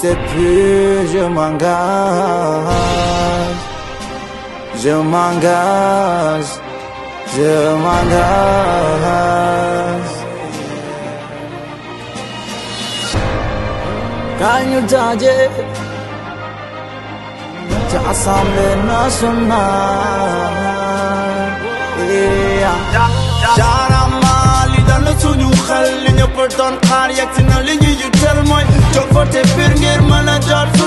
sais plus, je m'engage. Je m'engage. Je m'engage. Can you judge it? To Assemblée nationale. Yeah. Jara mali dan suñu xel li ñu doon xaar yegg jóg voté pour ngir mën a jot fu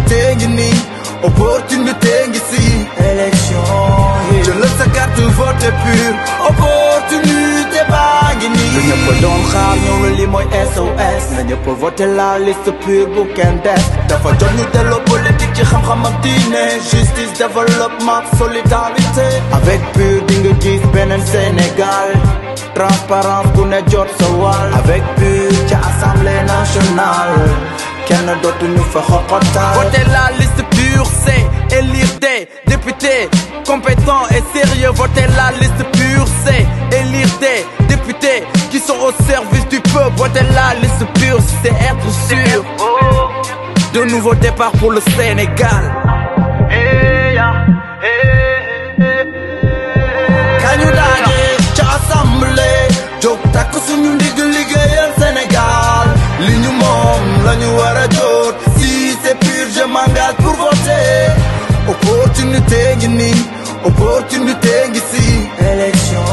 opportunité ngi opportunité ngi si élection yi jëlal sa carte vote pure opportunité bagni je nii lu ñëpp doon moi SOS na li mooy SOS la liste pure bu kenn des dafa jot ñu delloo politique ci xam-xam justice développement solidarité avec pure di nga gis Sénégal transparence ku ne jot sa wàll avec pure ci assemblée nationale Votez qui nous la liste pure c'est élire des députés compétents et sérieux voter la liste pure c'est élire des députés qui sont au service du peuple voter la liste pure c'est être sûr de nouveaux départs pour le Sénégal Sénégal dara si c'est pur je m'engage pour voter opportunité Guini opportunité opportunité Élection.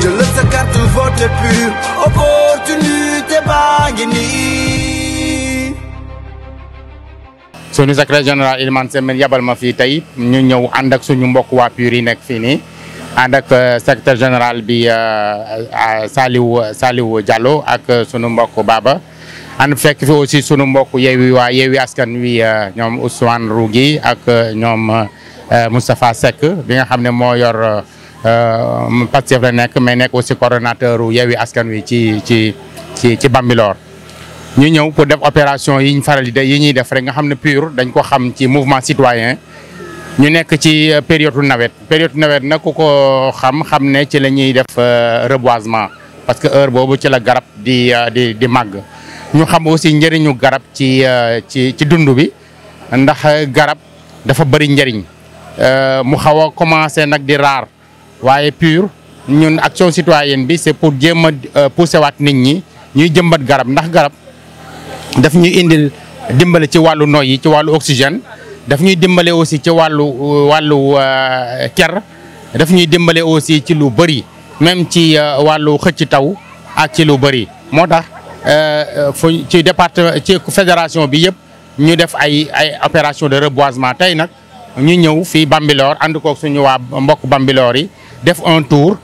Je élection sais sa carte vote pur opportunité baa ngi nii suñu secrétaire général Ilimane Sembène yabal ma fi tay ñu ñëw ànd ak suñu mbokk wa pur yi nekk fii nii ànd ak euh, secrétaire général bi euh, euh, Saliou Saliou Diallo ak suñu mbokk Baba ànd fekk fi aussi sunu mbokk Yewwi waa Yewwi askan wi euh, ñoom Ousmane Rougui ak euh, ñoom euh, Moustapha Seck bi nga xam ne moo yor Pastef la nekk mais nekk aussi coordonnateur Yewwi askan wi ci ci ci ci Bambilor ñu ñëw pour def opération yi ñu faral di yi ñuy def rek nga xam ne PUR dañ ko xam ci mouvement citoyen ñu nekk ci période nawet période nawet nag ku ko xam xam ne ci la ñuy def reboisement parce que heure boobu ci la garab di di di màgg ñu xam aussi njariñu garab ci euh, ci ci dund bi ndax euh, garab dafa bëri njëriñ euh, mu xaw a commencé nag di raar waaye pur ñun action citoyenne bi c'est pour jéem a pousser waat nit ñi ñuy jëmbat garab ndax garab daf ñuy indi dimbale ci wàllu noy yi ci wàllu oxygène daf ñuy dimbale aussi ci wàllu wàllu ker daf ñuy dimbale aussi ci lu bëri même ci wàllu xëcc taw ak ci lu bari moo tax Euh, fu ci département ci fédération bi yëpp ñu def ay ay opération de reboisement tey nag ñu ñëw fii Bambilor ànd koog suñu waa mbokk Bambilor yi def un tour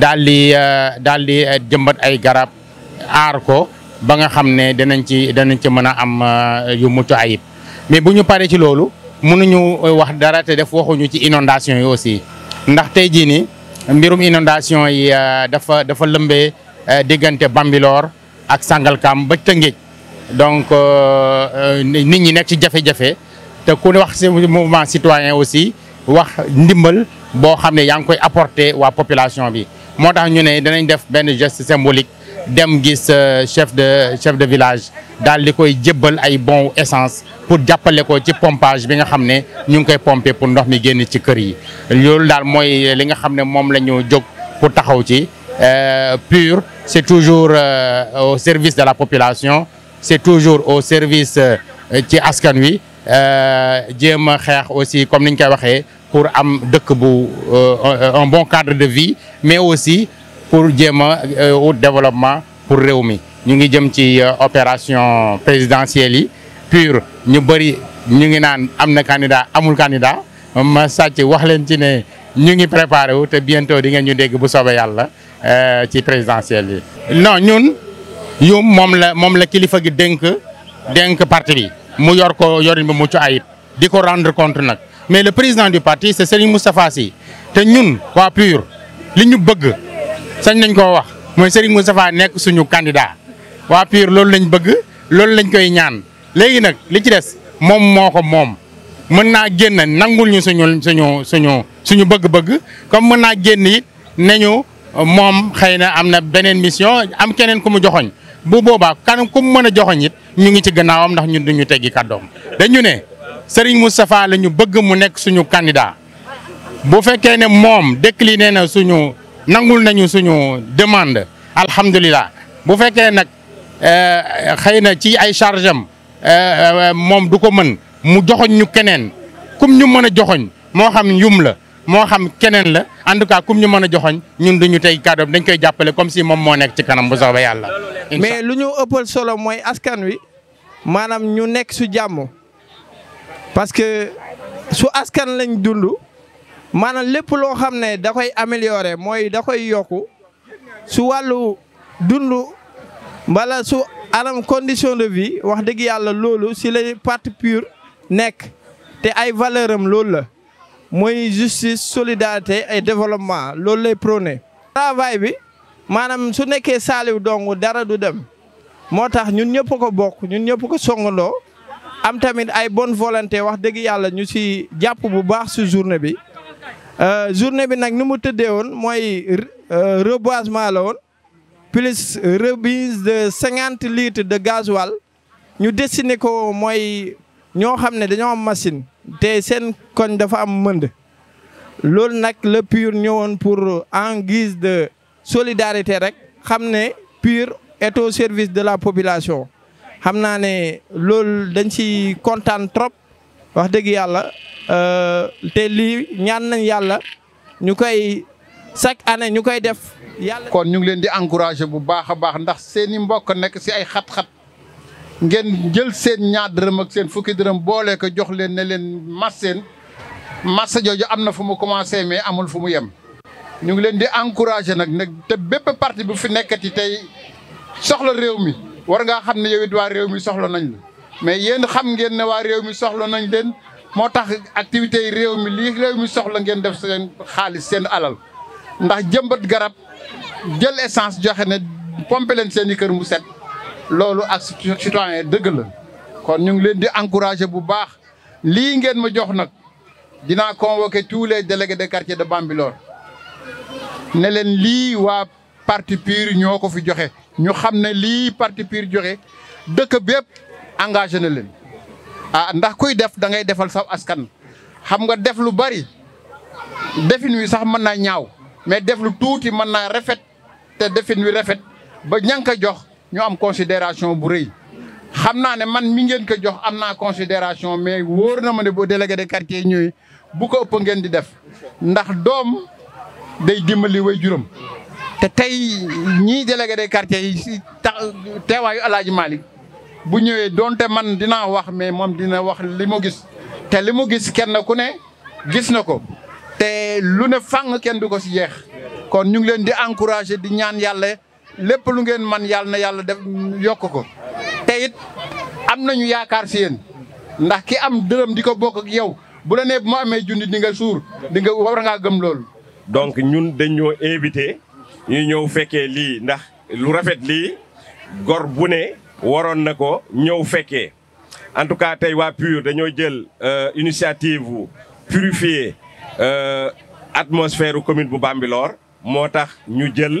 daal di euh, daal di euh, jëmbat ay garab aar ko ba nga xam ne danañ ci danañ ci mën a am yu mucc ayib mais bu ñu paree ci loolu mënuñu wax dara te def waxuñu ci inondation yi aussi ndax tey jii nii mbirum inondation yi dafa dafa lëmbee diggante Bambilor ak Sangalkam ba Tëngéej donc euh, euh, nit ñi nek ci jafé jafé té ku wax ci mouvement citoyen aussi wax ndimbal bo xamné yang koy apporter wa population bi motax ñu né danañ def ben geste symbolique dem gis euh, chef de chef de village dal likoy koy ay bon essence pour jappalé ko ci pompage bi nga xamné ñu ngi koy pomper pour ndox mi génn ci kër yi lool dal moy li nga xamné mom moom la ñu jóg pour taxaw ci euh, pur, c'est toujours euh, au service de la population, c'est toujours au service qui euh, askan wi aussi comme nous pour un bon cadre de vie mais aussi pour le développement pour Réumi. nous avons une opération présidentielle Pur, pure nous avons un candidat un candidat ma avons préparé et bientôt nous allons ñu dégg Euh, ci présidentielle yi. non ñun yu moom la moom la kilifa gi dénk dénk parti bi mu yor ko yoriñ bi mucc ayib di ko rendre compte nag mais le président du parti c'est Serigne Moustapha Sy te ñun waa PUR li ñu bëgg sañ nañ koo wax mooy Serigne Moustapha nekk suñu candidat waa PUR loolu lañ bëgg loolu lañ koy ñaan léegi nag li ci des moom moo ko moom. mën naa génn nangul ñu suñu suñu suñu bëgg-bëgg comme mën naa génn it nañu moom xëy na am na beneen mission am keneen ku mu joxoñ bu boobaa kan ku mën a joxoñ it ñu ngi ci gannaawam ndax ñun duñu teggi kàddoom dañu ne Serigne Moustapha la ñu bëgg mu nekk suñu candidat bu fekkee ne moom décliné na suñu nangul nañu suñu demande alhamdulilah bu fekkee nag eh, xëy na ci ay chargem am eh, eh, moom du ko mën mu joxoñ ñu keneen kum ñu mën a joxoñ moo xam yum la moo xam keneen la en tout cas comme ñu mën a joxoñ ñun duñu tey kàddoom dañ koy jàppale comme si moom moo nekk ci kanam bu soobee yàlla. mais lu ñu ëppal solo mooy askan wi maanaam ñu nekk su jàmm parce que su askan lañ dund maanaam lépp loo xam ne da koy améliorer mooy dakoy yokku su wàllu dund bala su anam condition de vie wax dëgg yàlla loolu si la parti pur nekk te ay valeur am loolu la. mooy justice solidarité et développement loolu lay prôné. travail bi maanaam su nekkee saaliw dong dara du dem moo tax ñun ñëpp ko bokk ñu ñëpp ko songandoo am tamit ay bonne volonté wax dëgg yàlla ñu si jàpp bu baax ci journée bi. Euh, journée bi nag ni mu tëddee woon mooy euh, reboisement la woon plus remise de cinquante litres de gasoil ñu destiné ko mooy ñoo xam ne dañoo am machine. te seen koñ dafa am mënd loolu nag la PUR ñëwoon pour en guise de solidarité rek xam ne PUR éto service de la population xam naa ne loolu dañ ci kontaan trop wax dëgg yàlla euh, te lii ñaan nañ yàlla ñu koy chaque année ñu koy def yàlla kon ñu ngi leen di encourager bu baax a baax ndax seeni mbokk nekk si ay xat-xat ngeen jël seen ñaar dërëm ak seen fukki dërëm boole ko jox leen ne leen mas seen massa jooju am na fu mu commencé mais amul fu mu yem. ñu ngi leen di encouragé nag nag te bépp parti bu fi nekkati tey soxla réew mi war ngaa xam ne yow waa réew mi soxla nañ la mais yéen xam ngeen ne waa réew mi soxla nañ leen moo tax activités réew mi lii réew mi soxla ngeen def seen xaalis seen alal ndax jëmbat garab jël essence joxe ne pompe leen seen i kër mu set. loolu ak citoyen dëgg la kon ñu ngi leen di encourager bu baax lii ngeen ma jox nag dinaa convoquer tous les délégués de quartier de Bambilor ne leen lii waa parti piir ñoo ko fi joxe ñu xam ne lii parti piir joxe dëkk bépp engagé na leen ah ndax kuy def da ngay defal saw askan xam nga def lu bari defin wi sax mën naa ñaaw mais deflu lu tuuti mën naa rafet te defin wi rafet ba ña nga ko jox ñu am considération bu rëy xam naa ne man mi ngeen ko jox am naa considération mais wóor na ma ne boo délégué de quartier yi bu ko ëpp ngeen di def ndax doom day dimbali way juróom te tey ñii délégué de quartier yi si teewaayu alaaji Malick bu ñëwee donte man dinaa wax mais moom dina wax li mu gis te li mu gis kenn ku ne gis na ko te lu ne fang kenn du ko si jeex kon ñu ngi leen di encourager di ñaan yàlla lépp lu ngeen man yàlla na yàlla def yokk ko te it am nañu yaakaar si ndax ki am dërëm di ko bokk ak yow bu la nee bu ma amee junni di nga suur di nga war ngaa gëm loolu. donc ñun dañoo invité ñu ñëw fekkee lii ndax lu rafet lii gor bu ne waroon na ko ñëw fekkee en tout cas tey waa PUR dañoo jël euh, initiative purifier euh, atmosphère commune bu Bambilor moo tax ñu jël.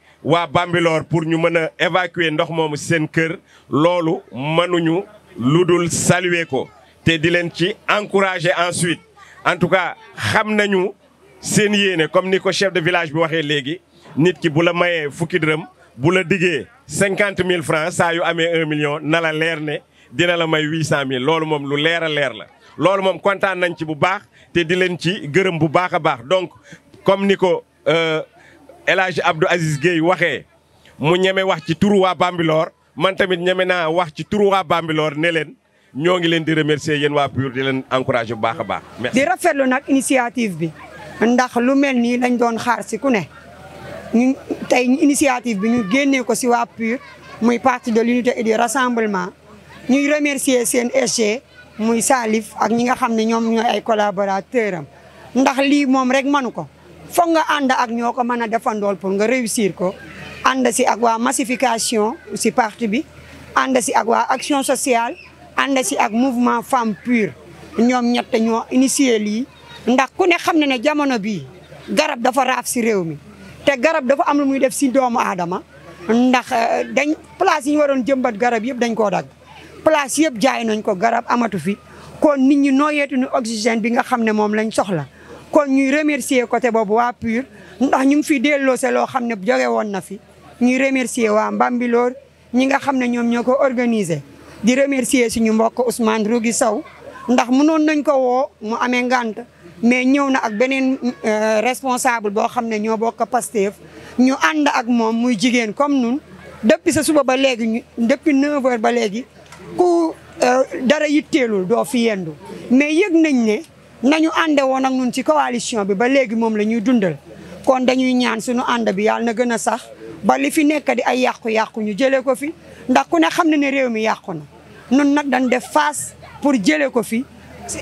à Bambilor pour ñu mëna évacuer ndox seen kër lolu mënuñu saluer ko di ensuite en tout cas comme chef de village bi waxé légui nit ki bu la mayé fukki francs ça yu amé million na la ne dina la may huit cent mille lu lèr la nous nañ ci bu baax donc comme Nico... El Hadj Abdou Aziz Guèye waxee mu ñeme wax ci turu waa Bambilor man tamit ñeme naa wax ci turu waa Bambilor ne leen ñoo ngi leen di remercier yéen waa PUR di leen encourager bu baax a baax. merci di rafetlu nag initiative bi ndax lu mel nii lañ doon xaar si ku ne tey initiative bi ñu génnee ko si waa PUR muy parti de l'unité et du rassemblement ñuy remercier seen SG muy Salif ak ñi nga xam ne ñoom ñooy ay collaborateur ndax lii moom rek manu ko. fonga anda ak ñoko mëna mën a pour nga réussir ko anda si ak wa massification si parti bi anda si ak wa action sociale anda si ak mouvement femme pure ñom ñett ñoo initier li ndax ku ne xam ne ne jamono bi garab dafa raf si rew mi te garab dafa am lu muy def si doomu adama ndax eh, dañ place yi waron jëmbat garab yëpp dañ ko dag place jaay nañ ko garab amatu fi kon nit ñi noyetu ni oxygène bi nga xamne mom lañ soxla kon ñuy remercier côté boobu waa PUR ndax ñu ngi fi delloose loo xam ne joge woon na fi ñuy remercier waa Mbambilor ñi nga xam ne ñoom ñoo ko organiser di remercier suñu mbokk Ousmane Rougui saw ndax mu noon nañ ko woo mu amee ngant mais ñëw na ak beneen euh, responsable boo xam ne ñoo bokk Pastef ñu ànd ak moom muy jigéen comme nun depuis sa suba ba léegi ñu depuis 9 heures ba léegi ku euh, dara yitteelul doo fi yendu mais yëg nañ ne. ñu ànde woon nag ñun ci coalition bi ba léegi moom la ñuy dundal kon dañuy ñaan suñu ànd bi yàlla na gën a sax ba li fi nekk di ay yàqu-yàqu ñu jëlee ko fi ndax ku ne xam ne ne réew mi yàqu na nun nag dañ def face pour jëlee ko fi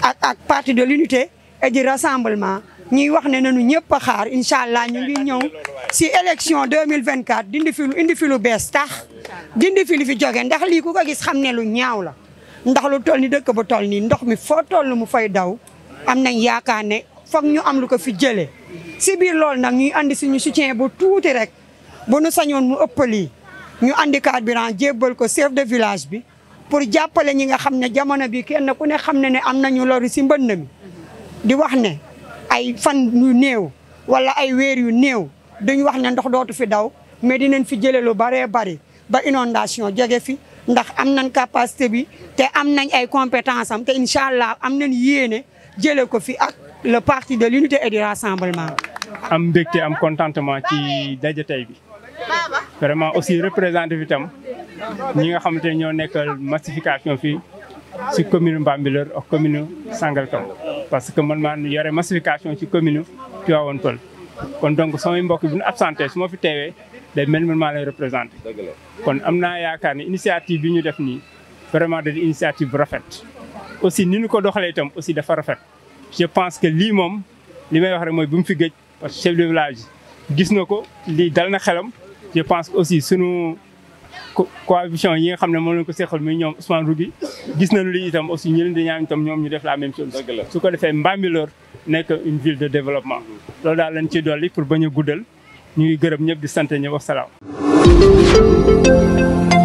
ak ak parti de l'unité et du ñuy wax ne nañu ñëpp xaar incha allah ñu ngi ñëw si élection 2024 dindi fi lu indi fi lu bees tax dindi fi lu fi jóge ndax lii ku ko gis xam ne lu ñaaw la ndax lu toll ni dëkk bu toll nii ndox mi foo toll mu fay daw am nañ yaakaar ne foog ñu am lu ko fi jëlee si biir loolu nag ñuy andi suñu soutien bu tuuti rek bu nu sañoon mu ëpp lii ñu andi carburant jébbal ko chef de village bi pour jàppale ñi nga xam ne jamono bi kenn ku ne xam ne ne am nañu loru si mbënn mi di wax ne ay fan yu néew wala ay weer yu néew duñ wax ne ndox dootu fi daw mais dinañ fi jëlee lu baree bari ba inondation jege fi ndax am nañ capacité bi te am nañ ay compétence am te incha allah am nañ yéene jëlee ko fi ak le parti de l'unité et du rassemblement. am mbégte am contentement ci dajé tay bi vraiment aussi représenté fi tam ñi nga xamante ne ñoo nekkal massification fi ci commune Bambilor ak commune Sangalkam parce que man man yoré massification ci commune Tivaouane Peulh kon donc sama mbokk bi ñu absenté su ma fi téwé day mel man maa lay représenter. kon amna naa yaakaar ne initiative bi ñu def ni vraiment des initiatives initiative rafet aussi ni ko doxale itam aussi dafa rafet je pense que li mom li may wax rek moy bu mu fi gej parce que chef de village gis na ko lii dal na xelam je pense aussi sunu coalition yi nga xamne mo moom ko sekkal muy ñom Ousmane Rougui gis nañu li itam aussi ñu leen di ñaan itam ñom ñu def la même chose su ko defé Mbambilor nek une ville de développement loolu daal lañ ci doli pour baña a guddal ñu ngi ñëpp di santé ñëpp wa salaam